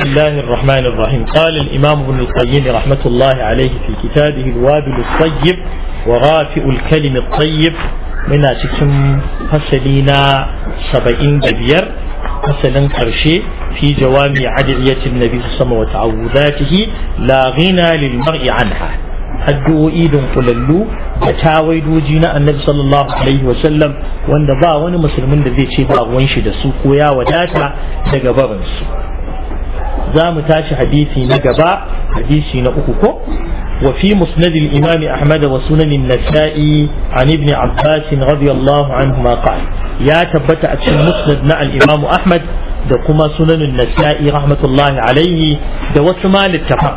بسم الله الرحمن الرحيم قال الإمام ابن القيم رحمة الله عليه في كتابه الوابل الطيب وغافئ الكلم الطيب من أشكم فسلينا سبعين جبير مثلا قرشي في جوامع عدعية النبي صلى الله عليه وسلم وتعوذاته لا غنى للمرء عنها addu'o'i idon kulallu da tawai doji na annabi sallallahu alaihi wasallam wanda ba wani musulmin da zai ce ba ruwan shi da su ko ya wadata daga barinsu za mu tashi hadisi na gaba hadisi na uku ko وفي مسند الإمام أحمد وسنن النسائي عن ابن عباس رضي الله عنهما قال يا تبت أتشن مسند مع الإمام أحمد دقما سنن النسائي رحمة الله عليه دوسما للتفق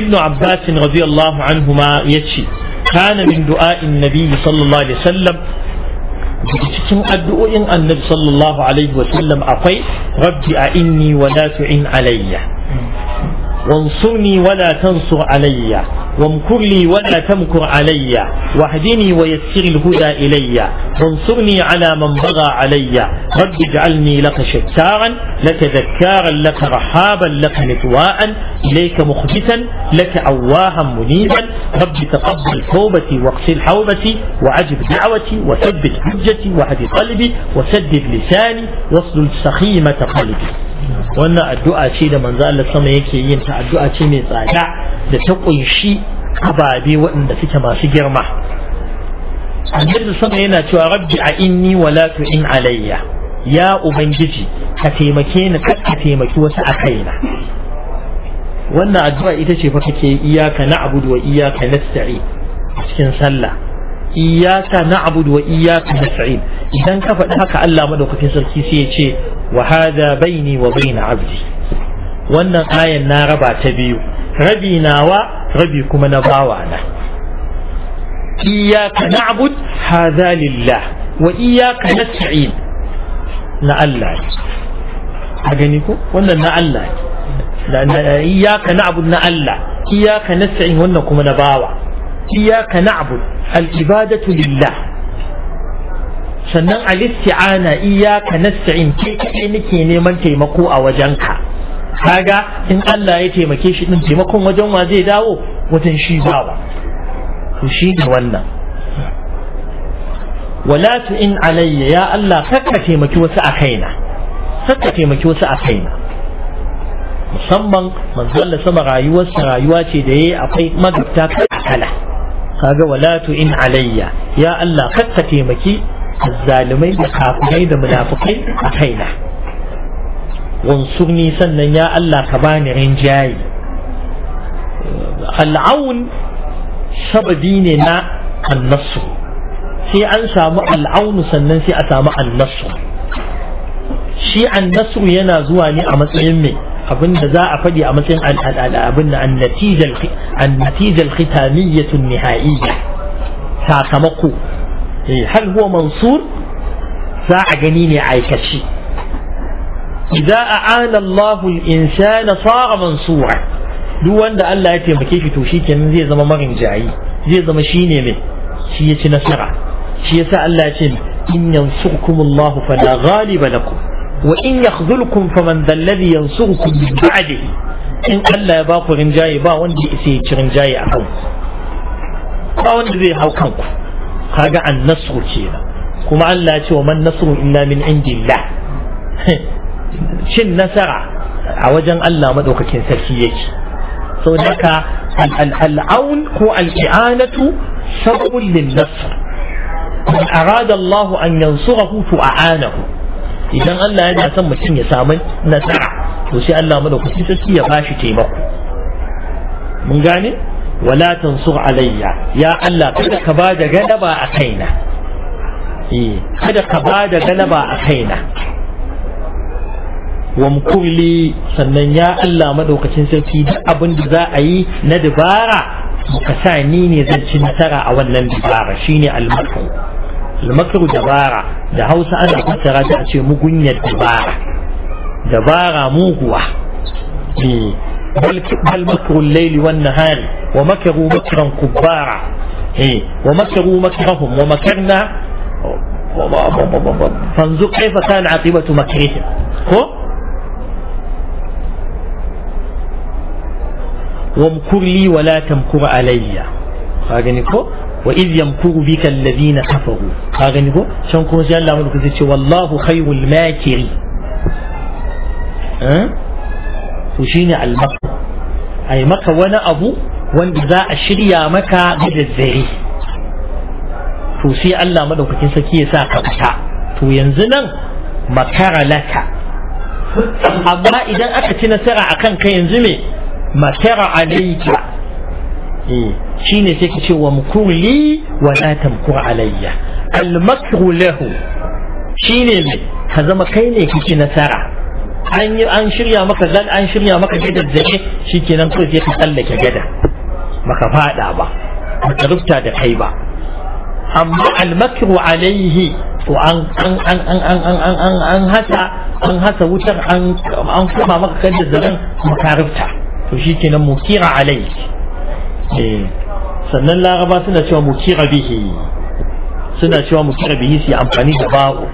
ابن عباس رضي الله عنهما يتشي كان من دعاء النبي صلى الله عليه وسلم daga cikin addu'o'in annabi sallallahu alaihi wa wasallam akwai rabbi a inni wa in tu'in alayya وانصرني ولا تنصر علي وامكر لي ولا تمكر علي واهدني ويسر الهدى إلي وانصرني على من بغى علي رب اجعلني لك شتارا لك ذكارا لك رحابا لك نتواء إليك مخبتا لك أواها منيبا رب تقبل توبتي واغسل حوبتي وعجب دعوتي وثبت حجتي واهد قلبي وسدد لساني واصل سخيمة قلبي wannan addu'a ce da manzo Allah sama yake yin ta addu'a ce mai tsada da ta kunshi ababe waɗanda suke masu girma annabi sama yana cewa rabbi a inni wa la tu'in alayya ya ubangiji ka taimake ni kar ka taimaki wasu a kaina wannan addu'a ita ce fa kake iyyaka na'budu wa iyyaka nasta'in a cikin sallah iyyaka na'budu wa iyyaka nasta'in idan ka faɗi haka Allah madaukakin sarki sai ya ce وهذا بيني وبين عبدي وانا آية ربع تبيو ربي ناوى ربي كما نباوانا إياك نعبد هذا لله وإياك نستعين نألا أغنيكو وانا نألا إياك نعبد نألا إياك نستعين وانا كما نباوى إياك نعبد العبادة لله sannan alisti'ana iyaka nasta'in ke kai nake neman taimako a wajenka kaga in Allah ya taimake shi din taimakon wajen wa zai dawo wajen shi bawa to shi ne wannan wala tu in alayya ya Allah kakka taimaki wasu a kaina kakka taimaki wasu a kaina musamman manzo Allah sama rayuwarsa rayuwa ce da yayi akwai magabta kala kaga wala tu in alayya ya Allah kakka taimaki الظالمين الكافرين المنافقين أخينا وانصرني سنة يا الله كباني عين جاي العون سب ديننا النصر سي أنسى مع العون سنة سي أتى مع النصر شي النصر ينا زواني أمس يمي أبن ذا أفدي أمس أبن النتيجة النتيجة الختامية النهائية ساكمقو إيه، هل هو منصور ساعة جنيني عايكشي إذا أعان الله الإنسان صار منصورا لو أن الله يتيما كيف توشي كان زي زما مرن جاي زي زما شيني من شي يتنسرع شي يسأل الله إن ينصركم الله فلا غالب لكم وإن يخذلكم فمن ذا الذي ينصركم من بعده إن ألا يباقوا رنجاي با وندي إسي رنجاي أحوم با وندي هاو kaga an nasru kenan kuma Allah ya ce wa man nasru illa min indillah shin nasara a wajen Allah madaukakin sarki yake saboda haka al'aun ko al-i'anatu sababun lin nasr man arada Allah an yansurahu to a'anahu idan Allah yana son mutum ya samu nasara to sai Allah madaukakin sarki ya bashi taimako mun gane wala tansur alayya ya Allah kada ka ba da galaba a kaina eh kada ka ba da galaba a kaina wamkurli sannan ya Allah madaukakin sarki duk abin da za a yi na dubara ka sa ni ne zan ci nasara a wannan dubara shine almakru almakru dabara da Hausa ana fassara ta a ce mugunyar dabara dabara muguwa eh, bal makru al-layli wan nahari ومكروا مكرا كبارا إيه. ومكروا مكرهم ومكرنا فانظر كيف كان عاقبة مكرهم وامكر لي ولا تمكر علي وإذ يمكر بك الذين كفروا جل الله والله خير الماكر أه؟ تشيني على المكر أي مكر وأنا أبو wanda za a shirya maka da daddare to sai Allah madaukakin saki ya sa ka fita to yanzu nan makara laka amma idan aka ci nasara akan ka yanzu me makara alayka eh shine sai ka ce wa mukuli wa la tamkur alayya al makru lahu shine me ka zama kai ne kike nasara an an shirya maka gal an shirya maka zake shikenan sai ka tsallake gada baka fada ba baka rufta da kai ba amma almakru alaihi to an an an an an an an an an hasa an hasa wutar an an kuma maka kan da zaren makarufta to shikenan mukira alaihi eh sannan laraba suna cewa mukira bihi suna cewa mukira bihi su amfani da ba'u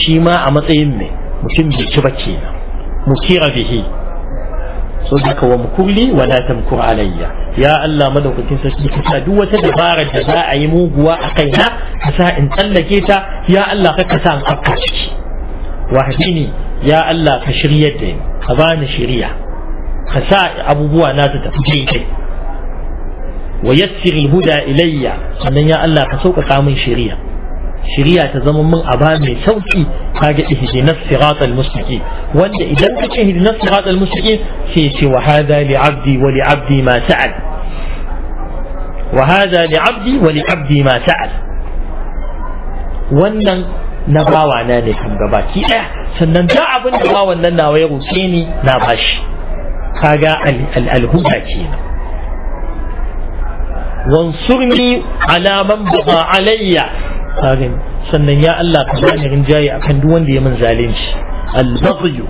shi ma a matsayin ne mutum bai ci ba kenan mukira bihi so daga wa mukulli wa la tamkur alayya ya Allah madaukakin sarki ka sa duk wata dabarar da za a yi muguwa a kaina ka sa in tsallake ta ya Allah ka sa in afka ciki wahdini ya Allah ka shiryar da ni ka bani shiriya ka sa abubuwa na su tafi daidai wa yassir huda ilayya sannan ya Allah ka sauƙaƙa min shiriya shirya ta zama mun aba mai sauki kage ihdinas siratal mustaqim wanda idan kace ihdinas siratal mustaqim sai ce wa hadha li abdi wa li abdi ma sa'al wa hadha li abdi wa li abdi ma sa'al wannan na bawa na ne kan gabaki daya sannan da abin da bawan nan nawa ya roke ni na bashi kaga al-huda kenan وانصرني على من kagan sannan ya Allah ka bani rinjaye akan duk wanda ya min zalunci al-baghyu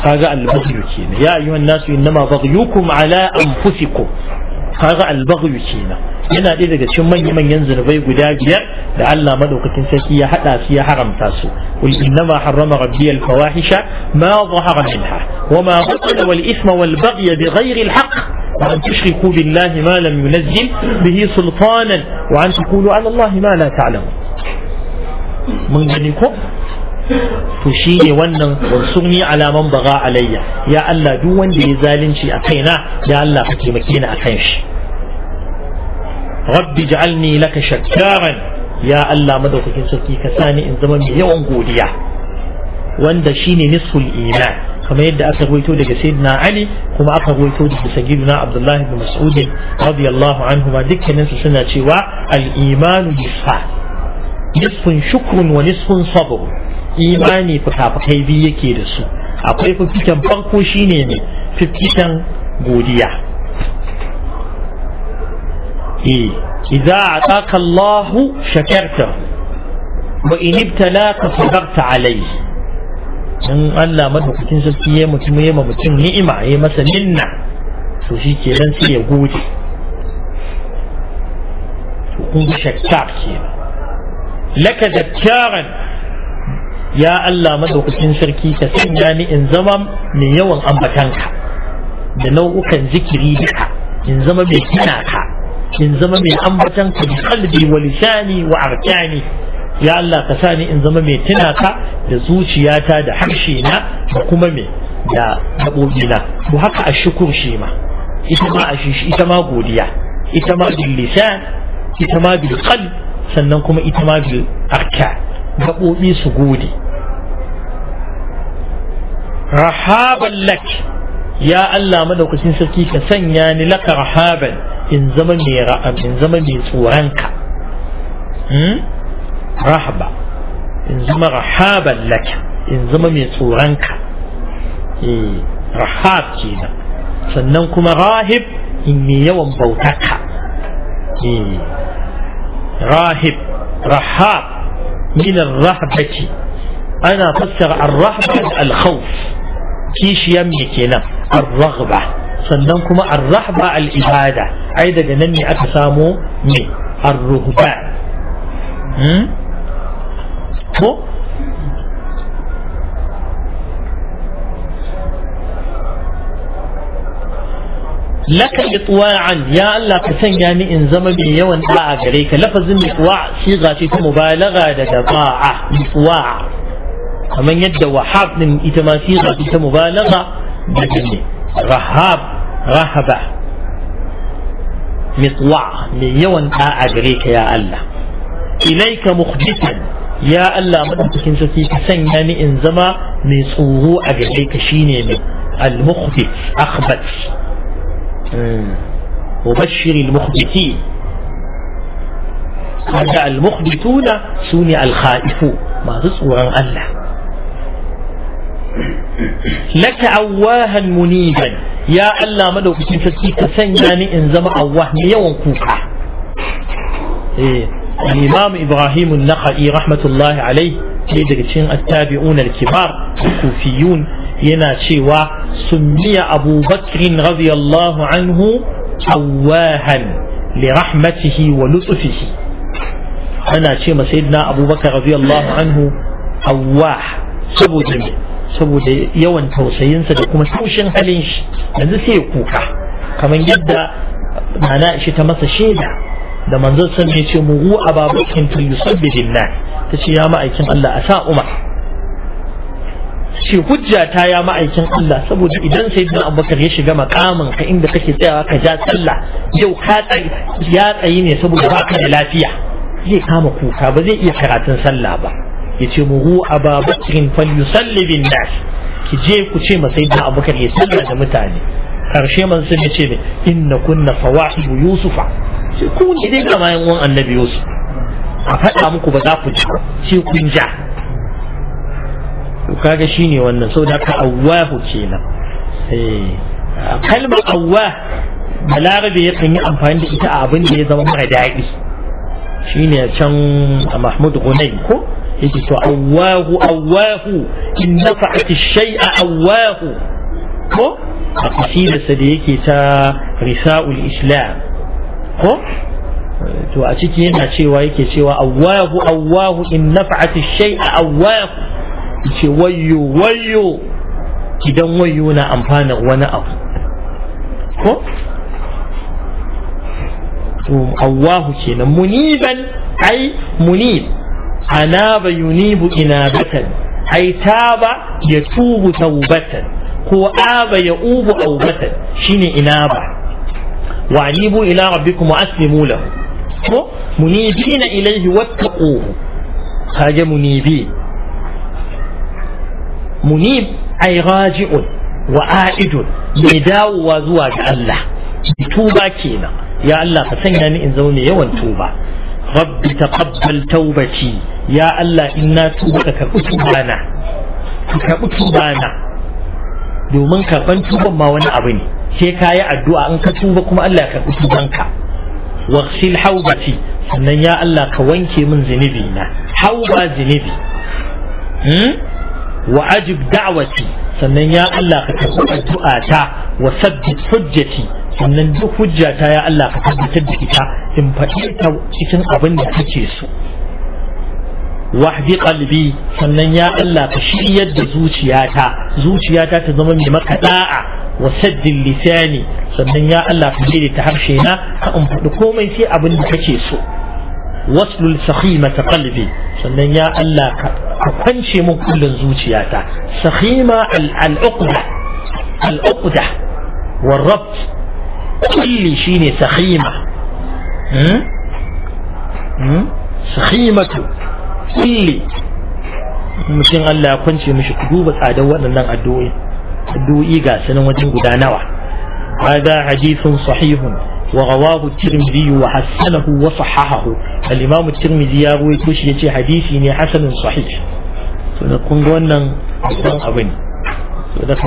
kaga al-baghyu kenan ya ayyuhan nasu innama baghyukum ala anfusikum kaga al-baghyu kenan yana ɗaya daga cikin manyan manyan zunubai guda biyar da Allah madaukakin sarki ya hada su ya haramta su qul innama harrama rabbi al-fawahisha ma dhahara minha wama qatala wal isma wal baghy bighayri al-haqq وأن تشركوا بالله ما لم ينزل به سلطانا وأن تقولوا على الله ما لا تعلم من جنكم تشيني ونن ورسوني على من بغى علي يا ألا دون دي زالنشي أقينا يا ألا فكي مكينا أقينش رب اجعلني لك شكارا يا ألا مدوك كنسكي كساني إن زمن يوم قوليا وأن شيني نصف الإيمان kamar yadda aka ruwaito daga sayyidina ali kuma aka ruwaito daga sayyidina abdullahi bin mas'ud radiyallahu anhu ma dukkanin su suna cewa al-imanu nisfa nisfun shukrun wa nisfun sabr imani fukafukai biyu yake da su akwai fifikan farko shine ne fifikan godiya eh idza ataka Allahu shakarta wa in ibtalaka sabarta in Allah madaukakin sarki ya mutum ya ma mutum ni'ima ya masa minna to shi ke nan sai ya gode to kun ga shakkar ke laka zakkaran ya Allah madaukakin sarki ka sanya ni in zama mai yawan ambatanka da nau'ukan zikiri duka in zama mai gina ka in zama mai ambatanka da kalbi wa lisani wa arkani ya Allah ka sani in zama mai tuna ka da zuciyata da harshe na da kuma me da gaɓoɓi na haka a shukur shi ma ita ma a ita ma godiya ita ma bil lisan ita ma bil qalb sannan kuma ita ma bil arka gaɓoɓi su gode rahaban lak ya Allah madaukakin sarki ka sanya ni laka rahaban in zama mai ra'am in zama mai tsoronka hmm? رهبة إن زما رحابا لك إن زما ميتورنك إيه رحاب كينا سننكم راهب إني يوم بوتك إيه راهب رحاب من الرهبة أنا فسر الرهبة الخوف كيش يمي كينا الرغبة sannan kuma arrahba al'ibada ai daga nan ne aka samo ne arruhban لك إطواعا يا الله كسن يعني إن زمن يوان طاعة عليك لفظ إطواع صيغة مبالغة لك طاعة إطواع ومن يد وحاب من إتما صيغة مبالغة بجنة رهاب رهبة مطوع من يوان طاعة عليك يا الله إليك مخبتا يا الله من تكن ستي كسن يعني إن زمن من صوغو عليك شيني المخبت أخبت إيه. وبشر المخبتين هذا المخبتون سوني الخائفون ما تصور الله لك عواها منيبا يا الله لو كنت تفسير سنجاني إن زم أواه ميون كوكا إيه. الإمام إبراهيم النخعي رحمة الله عليه ليه التابعون الكبار الكوفيون yana cewa sumiya abu bakrin radiyallahu anhu awahan li rahmatihi wa lutsufihi ana ce ma na abubakar radiyallahu anhu awah saboda saboda yawan tausayinsa da kuma tushen halin shi yanzu sai ya kuka kamar yadda nana shi ta masa shaida da manzon sun ce mu hu ababakin fil yusabbihu nas tace ya ma'aikin Allah a sa umar ce hujja ta ya ma'aikin Allah saboda idan sai ibn abubakar ya shiga makamin ka inda kake tsayawa ka ja sallah yau ka ya tsayi ne saboda ba ka da lafiya zai kama kuka ba zai iya karatun sallah ba ya ce muhu ababakirin falyusalli bin nas ki je ku ce masa ibn abubakar ya sallah da mutane karshe man sun ce ne inna kunna fawahibu yusufa ku ne dai ga mayan annabi yusuf a faɗa muku ba za ku ji sai kun ja kaga shine wannan saboda ka awwahu kenan eh kalmar awwah balarabe ya yi amfani da ita a abin da ya zama mara daɗi shine can Mahmud Gunay ko yake to awwahu awwahu in nafa'ati shay'a awwahu ko a kasidarsa da yake ta risa'ul islam ko to a ciki yana cewa yake cewa awwahu awwahu in nafa'ati shay'a awwahu yace wayo wayo idan wayo na amfana wani abu ko Allahu kenan muniban ai munib anaba yunibu inabatan ai taba ya tubu taubatan ko aba ya ubu aubatan shine ina inaba wa anibu ila rabbikum wa aslimu lahu ko munibina ilayhi wattaqu kaje munibin munib ay raji'un wa a'idun mai dawowa zuwa ga Allah tuba kenan ya Allah ka sanya ni in zama yawan tuba rabbi taqabbal tawbati ya Allah inna tuba ka karbi tubana ka karbi tubana domin karban tuban ma wani abu ne sai ka yi addu'a in ka tuba kuma Allah ya karbi tubanka khil haubati sannan ya Allah ka wanke min zunubi na hauba zunubi hmm? wa ajib da'wati sannan ya Allah ka karɓi addu'ata wa sabbit hujjati sannan duk hujjata ya Allah ka tabbatar da ita in faɗi ta cikin abin da kake so wahdi qalbi sannan ya Allah ka shiryar da zuciyata zuciyata ta zama mai maka da'a wa saddin lisani sannan ya Allah ka daidaita harshe na ka in faɗi komai sai abin da kake so waslul sakhimata qalbi sannan ya Allah ka kwance mun kullun zuciyata sakhima al-uqda al-uqda wal-rabt kulli shine sakhima sakhimatu kulli mutum Allah ya kwance mishi ku duba tsadar waɗannan addu'o'i addu'o'i ga sanin wajen guda nawa hada hadithun sahihun wa rawahu tirmidhi wa hasanahu wa sahahahu al-imam tirmidhi ya ruwaito yace hadisi ne hasanun sahih to da kun wannan babban abu ne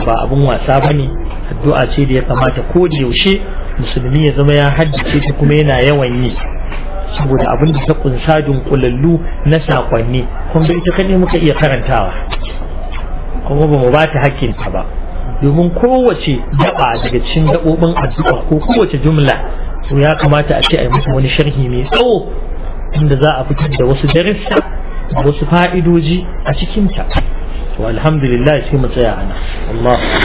ba abun wasa bane addu'a ce da ya kamata ko da yaushe musulmi ya zama ya haddace ta kuma yana yawan yi saboda abin da ta kunsa dunkulallu na sakonni kun ga ita kadai muka iya karantawa kuma ba mu ba ta hakkin ta ba domin kowace daɓa daga cikin gabobin addu'a ko kowace jumla to ya kamata a ce a yi masa wani sharhi mai tsawo inda za a fitar da wasu darussa wasu fa'idoji a cikinta to alhamdulillah sai mu tsaya ana Allah